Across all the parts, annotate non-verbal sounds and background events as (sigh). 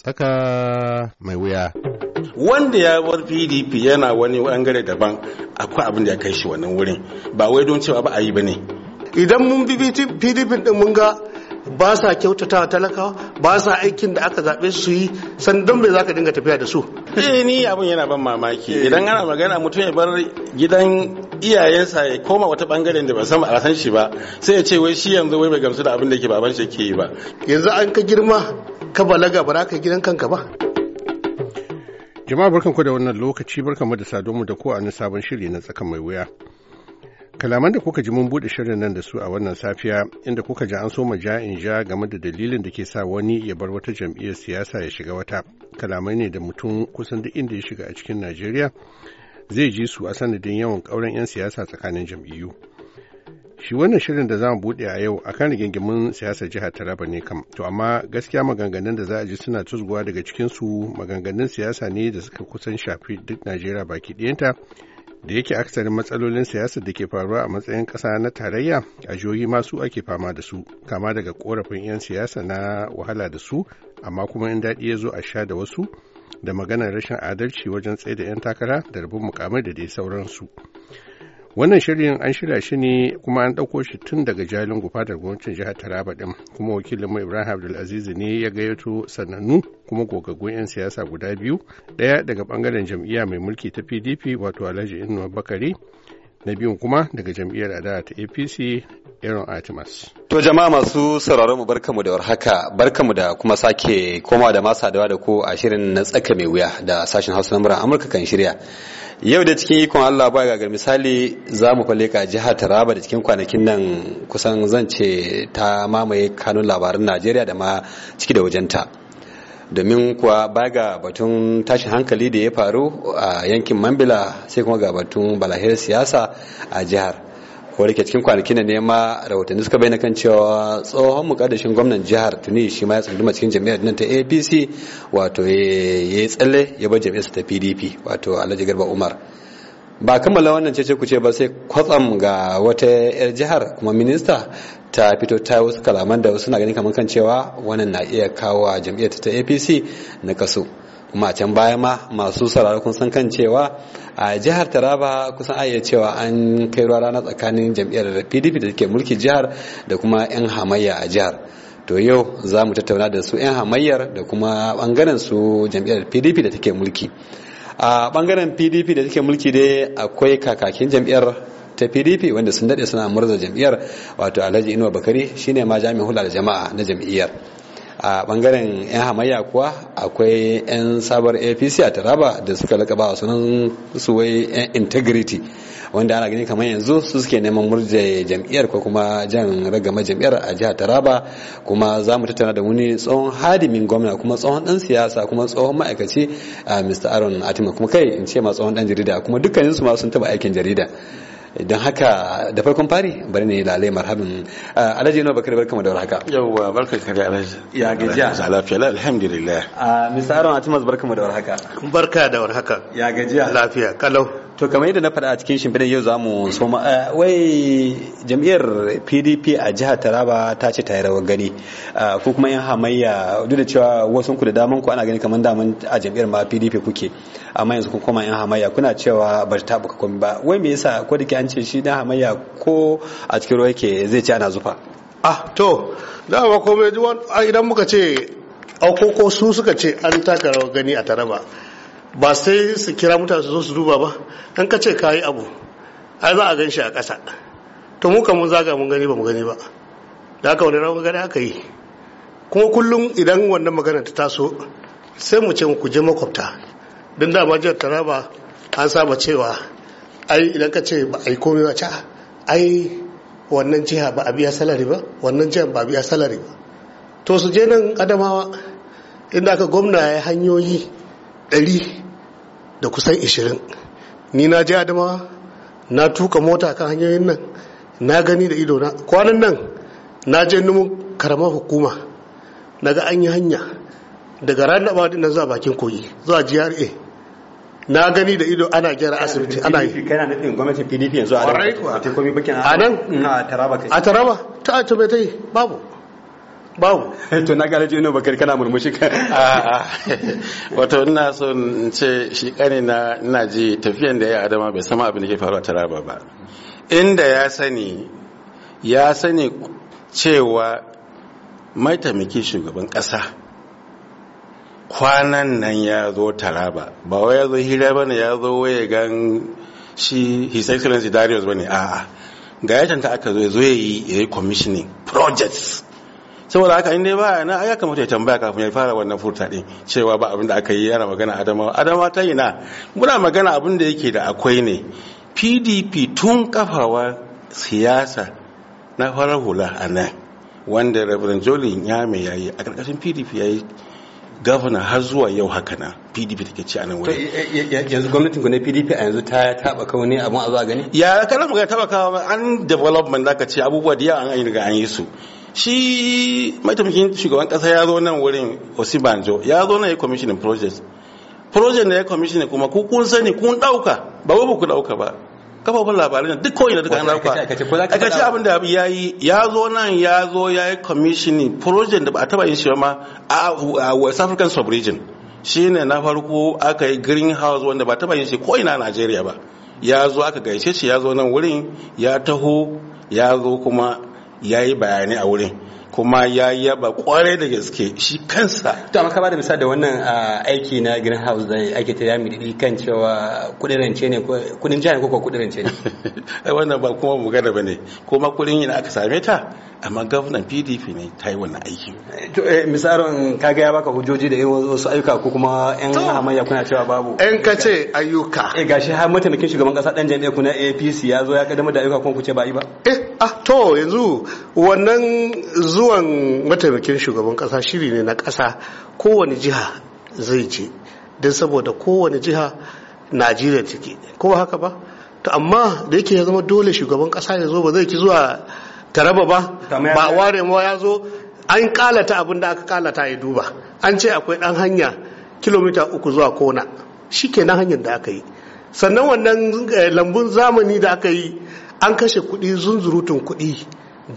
tsaka mai wuya. Wanda ya bar PDP yana wani bangare daban akwai abin da ya kai shi wannan wurin ba wai don cewa ba a yi ba ne. Idan mun bi PDP din mun ga ba sa kyautata talakawa ba sa aikin da aka zaɓe su yi sandan bai za ka dinga tafiya da su. Eh ni abin yana ban mamaki eh. idan ana magana mutum ya bar gidan iyayensa ya koma wata bangaren da ba san a san shi ba sai ya ce wai shi yanzu wai bai gamsu da abin da ke baban shi ke yi ba. Yanzu an ka girma ka balaga ba ka gidan kanka ba jama'a barkanku da wannan lokaci mu da mu da ko a sabon shiri na tsakan mai wuya kalaman da kuka ji mun bude shirin nan da su a wannan safiya inda kuka ji an so ma ja in ja game da dalilin da ke sa wani ya bar wata jam'iyyar siyasa ya shiga wata kalamai ne da mutum kusan duk inda ya shiga a cikin najeriya zai ji su a sanadin yawan kauren 'yan siyasa tsakanin jam'iyyu Shi wannan shirin da za mu buɗe a yau a kan rigingimin siyasar jihar Taraba ne kam. To amma gaskiya maganganun da za a ji suna tuzguwa daga cikin su maganganun siyasa ne da suka kusan shafi duk Najeriya baki ɗayanta. Da yake aksarin matsalolin siyasar da ke faruwa a matsayin ƙasa na tarayya a jihohi masu ake fama da su, kama daga korafin 'yan siyasa na wahala da su, amma kuma in daɗi ya zo a sha da wasu, da maganar rashin adalci wajen tsaye da 'yan takara da rabin mukamai da dai sauransu. wannan shirin an shirya shi ne kuma an ɗauko shi tun daga jalin da gwamnatin jihar taraba ɗin kuma wakilin ibrahim abdulaziz ne ya gayyato sanannu kuma gogaggun 'yan siyasa guda biyu ɗaya daga ɓangaren jam'iyya mai mulki ta pdp wato alhaji inuwa bakari na biyun kuma daga jam'iyyar adawa ta apc Aaron Artemis. To jama'a masu sauraron mu barkamu da warhaka barkamu da kuma sake koma da masu adawa da ko a shirin na tsaka mai wuya da sashen Hausa na Amurka kan shirya. Yau da cikin ikon Allah ba ga misali za mu falle ka jihar Taraba da cikin kwanakin nan kusan zan ce ta mamaye kanun labaran Najeriya da ma ciki da wajenta. domin kuwa ba ga batun tashin hankali da ya faru a yankin mambila sai kuma ga batun balahir siyasa a jihar wani ke cikin kwanakin da nema rahotanni suka na kan cewa tsohon mukaddashin gwamnan jihar tuni shi ma ya tsunduma cikin jami'ar nan ta apc wato ya tsalle ya bar jami'arsa ta pdp wato alhaji garba umar ba kammala wannan cece kuce ba sai kwatsam ga wata yar jihar kuma minista ta fito ta wasu kalaman da wasu na ganin kamar kan cewa wannan na iya kawo a jam'iyyar ta apc na kaso kuma a can baya ma masu sauraro kun san kan cewa a jihar taraba kusan a cewa an kai ruwa rana tsakanin jam'iyyar pdp da ke mulki jihar da kuma yan hamayya a jihar to yau za mu tattauna da su 'yan hamayyar da kuma bangaren su jam'iyyar pdp da take mulki a bangaren pdp da take mulki dai akwai kakakin jam'iyyar ta pdp wanda sun daɗe suna murza jam'iyyar wato alhaji inuwa bakari shine ma jami'in hula da jama'a na jam'iyyar a bangaren 'yan hamayya kuwa akwai 'yan sabar apc a taraba da suka lakaba a sunan suwai 'yan integrity wanda ana gani kamar yanzu su suke neman murje jam'iyyar ko kuma jan ragama jam'iyyar a jihar Taraba kuma za mu tattauna da wani tsohon hadimin gwamna kuma tsohon dan siyasa kuma tsohon ma'aikaci Mr. Aaron Atima kuma kai in ce ma tsohon dan jarida kuma dukkanin su ma sun taba aikin jarida don haka da farkon fari bari ne lale marhabin alhaji yana bakar barkama da warhaka yawwa barka ka da alhaji ya gajiya sa lafiya alhamdulillah a mr aron atimas barkama da warhaka barka da warhaka ya gajiya lafiya kalau to kamar yadda na faɗa a cikin shimfiɗin yau za mu so eh, wai jam'iyyar pdp a jihar taraba ta ce ta yi rawar gani eh, ko kuma yan hamayya duk da cewa wasu ku da daman ku ana gani kamar daman a jam'iyyar ma pdp kuke amma yanzu kun koma yan hamayya kuna cewa ba ta buka komai ba wai me yasa ko da ke an ce shi dan hamayya ko a cikin ruwa yake zai ce ana zufa ah to dama komai idan muka ce ko su suka ce an taka rawar gani a taraba ba sai su kira mutane su zo su duba ba an ka ce kayi abu ai za a gan shi a ƙasa to mu mun zaga mun gani ba mu gani ba da aka wani rawar gani aka yi kuma kullum idan wannan magana ta taso sai mu ce ku je makwabta don dama jihar taraba an saba cewa ai idan ka ce ba a yi komai ba ca ai wannan jiha ba a biya salari ba wannan jiha ba a biya salari ba to su je nan adamawa inda aka gwamna ya hanyoyi Dari da kusan ishirin ni na ji adamawa na tuka mota kan hanyoyin nan na gani da ido na kwanan nan na je numun karamar hukuma na ga an yi hanya daga ran din nan zuwa bakin kogi zuwa gra na gani da ido ana gyara asibiti ana yi kana nufin gwamnatin pdp yanzu a nan a taraba ta a taraba ta yi, babu babu (laughs) to na gane jino bakar kana murmushi ka ah, ah. (laughs) wato ina so in ce shi kane na ina ji tafiyan da ya adama bai sama abin da ke faruwa taraba ba inda ya sani ya sani cewa mataimakin shugaban kasa kwanan nan ya zo taraba ba wai ya zo hira ba ne ya zo waye gan shi his excellency darius ba ne a'a ga ya aka zo ya zo ya yi commissioning projects saboda haka in dai ba na ya kamata ya tambaya kafin ya fara wannan furta din cewa ba abin da aka yi yana magana adamawa adamawa ta yi na muna magana abin da yake da akwai ne pdp tun kafawa siyasa na farar hula a nan wanda reverend jolin ya ya yi a karkashin pdp ya yi gavana har zuwa yau haka na pdp take ci a nan wuri yanzu gwamnatin na pdp a yanzu ta taba kawo ne abun a zuwa gani ya kana magana taba kawo an development zaka ce abubuwa da yawa an yi daga an yi su shi mataimakin shugaban kasa ya zo nan wurin osibanjo ya zo nan ya commissioning project project da ya commissioning kuma ku kun sani kun dauka ba ba ku dauka ba kafafen labarai duk koyi da duka an dauka a ce abin da ya yi ya zo nan ya zo ya yi commissioning project da ba a taba yin shi ma a west african sub-region shine na farko aka yi greenhouse wanda ba taba yin shi ko ina Najeriya ba ya zo aka gaishe shi ya zo nan wurin ya taho ya zo kuma ya yi bayanai a wurin kuma ya yaba kwarai da gaske shi kansa to amma ka da misali da wannan aiki na greenhouse da ake ta yami kan cewa kudin rance ne kudin jiha ne ko kudin rance ne (laughs) wannan ba kuma gada bane kuma kudin yana aka same ta amma gwamnatin PDP ne ta yi wannan aiki to eh, misalin kaga ya baka hujoji da wasu ayyuka ko kuma yan hamayya kuna cewa babu yan ce ayyuka eh gashi har mataimakin shugaban kasa dan jami'a kuna APC ya zo ya kaddamar da ayyuka kuma ku ce ba yi ba eh ah to yanzu wannan zuwa zuwan mataimakin shugaban kasa shiri ne na kasa kowane jiha zai je don saboda kowane jiha najeriya take ko haka ba to amma da yake ya zama dole shugaban kasa ya zo ba zai ki zuwa taraba ba ba ware ma ya zo an kalata abin da aka kalata ya duba an ce akwai dan hanya kilomita uku zuwa kona shi ke kenan hanyar da aka yi sannan wannan eh, lambun zamani da aka yi an kashe kuɗi zunzurutun kuɗi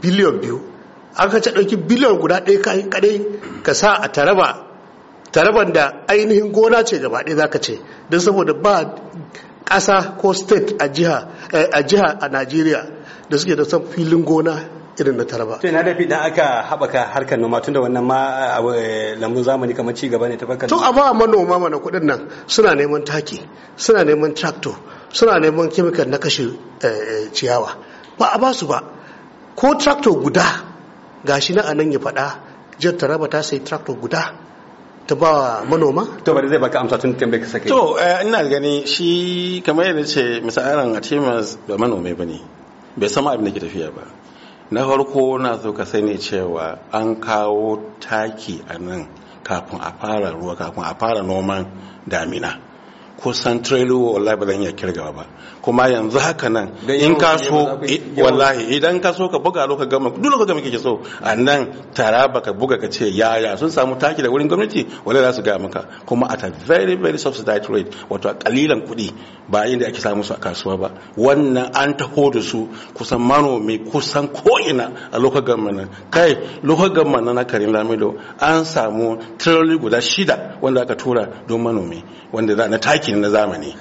biliyan biyu aka ce ɗauki biliyan guda ɗaya kayan kaɗai ka sa a taraba taraban da ainihin gona ce gaba ɗaya za ka ce don saboda ba ƙasa ko state a jiha eh, a najeriya da suke da san filin gona irin na taraba. To yana da fi aka haɓaka harkar noma tunda wannan ma eh, lambun zamani kamar ci gaba ne ta fakar. To amma manoma mana kuɗin nan suna neman taki, suna neman tractor, suna neman kemikal na kashe eh, ciyawa. Ba a basu ba. Ko tractor guda gashi na anan ya faɗa ta taraba ta sayi tractor guda ta ba manoma to bari zai baka amsa tun tambayi ka sake to eh, ina gani shi kamar yadda ce misalin a ce ba manome ne bai sama abin da ke tafiya ba na farko na so ka sani cewa an kawo taki a nan kafin a fara ruwa kafin a fara noman damina kusan trailu wallahi ba zan iya kirgawa ba kuma yanzu haka nan in ka so wallahi idan ka so ka buga loka gama duk lokacin gama kike so a nan tara baka buga ka ce yaya sun samu taki da wurin gwamnati wallahi za su ga maka kuma at a very very subsidized rate wato a kalilan kuɗi ba yin da ake samu su a kasuwa ba wannan an taho da su kusan manomi kusan ko'ina a lokacin gama nan kai lokacin gama nan na karin lamido an samu trilogy guda shida wanda aka tura don manomi wanda za na taki takin na zamani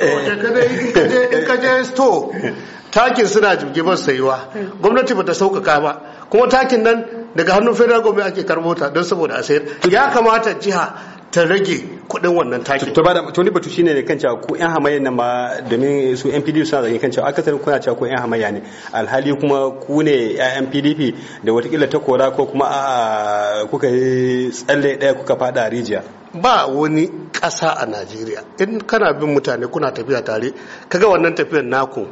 eh, in ka je store takin suna jibgibar sayuwa gwamnati bata sauƙaƙa ba kuma takin nan daga hannun federal government ake karbo ta don saboda a sayar ya kamata jiha ta rage kuɗin wannan takin. To bada to ni batu shine ne kan cewa ko yan hamayya nan ma domin su NPD suna zargin kan cewa akasarin kuna cewa ko yan hamayya ne alhali kuma ku ne ƴaƴan PDP da watakila ta kora ko kuma a kuka yi tsalle ɗaya kuka fada rijiya. ba wani ƙasa a najeriya in kana bin mutane kuna tafiya tare kaga wannan tafiyan naku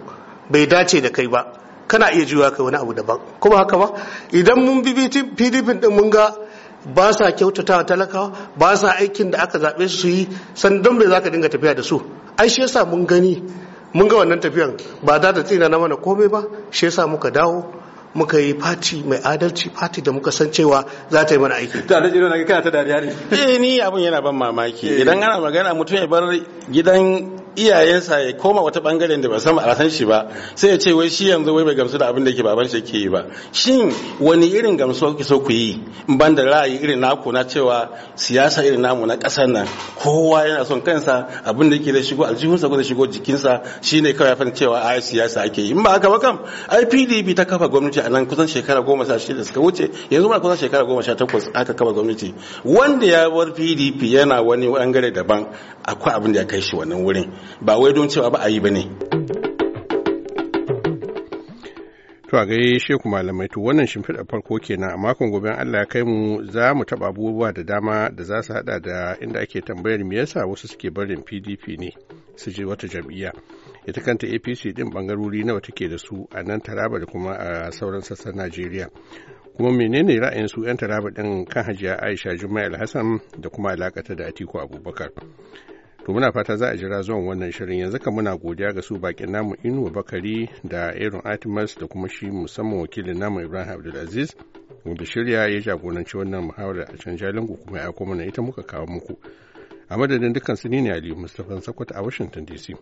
bai dace da kai ba kana iya juya kai wani abu daban kuma haka ba idan mun bi pdp din mun ga ba sa kyautata talakawa ba sa aikin da aka zaɓe su yi sandan bai za dinga tafiya da su ai shi yasa mun gani mun ga wannan tafiyan ba za ta tsina na mana komai ba shi yasa muka dawo muka yi fati mai adalci fati da muka san cewa za ta yi mana aiki ta da jiro na kana ta dariya ne eh ni abun yana ban mamaki eh. idan ana magana mutum ya bar gidan iyayensa ya koma wata bangaren da ba san a san shi ba sai ya ce wai shi yanzu wai bai gamsu da abin da ke baban shi ke yi ba shin wani irin gamsuwa kuke so ku yi ban da ra'ayi irin naku na cewa siyasa irin namu na ƙasar nan kowa yana son kansa abin da yake da shigo aljihunsa ko da shigo jikinsa shine kawai ya fahimci cewa ai siyasa ake yi in ba haka ba kam ai PDP ta kafa gwamnati a nan kusan shekara goma sha shida suka wuce yanzu ma kusan shekara goma sha takwas aka kafa gwamnati wanda ya bar PDP yana wani bangare daban akwai abin da ya kai shi wannan wurin ba wai don cewa ba a yi ba ne. To a gaye sheku malamai to wannan shimfiɗa farko kenan a makon gobe Allah ya kai mu za mu taɓa abubuwa da dama da za su haɗa da inda ake tambayar me yasa wasu suke barin PDP ne su je wata jam'iyya. Ita kanta APC ɗin ɓangarori nawa take da su a nan Taraba da kuma a sauran sassan Najeriya. Kuma menene ra'ayin su 'yan Taraba ɗin kan Hajiya Aisha Jummai Alhassan da kuma alakata da Atiku Abubakar. to muna fata za a jira zuwan wannan shirin yanzu ka muna godiya ga su bakin namu inuwa bakari da irin artemis da kuma shi musamman wakilin namu ibrahim abdulaziz wanda shirya ya jagoranci wannan muhawara a can jalingu kuma ya kuma na ita muka kawo muku a madadin dukkan su ne aliyu mustapha sakwata a washington dc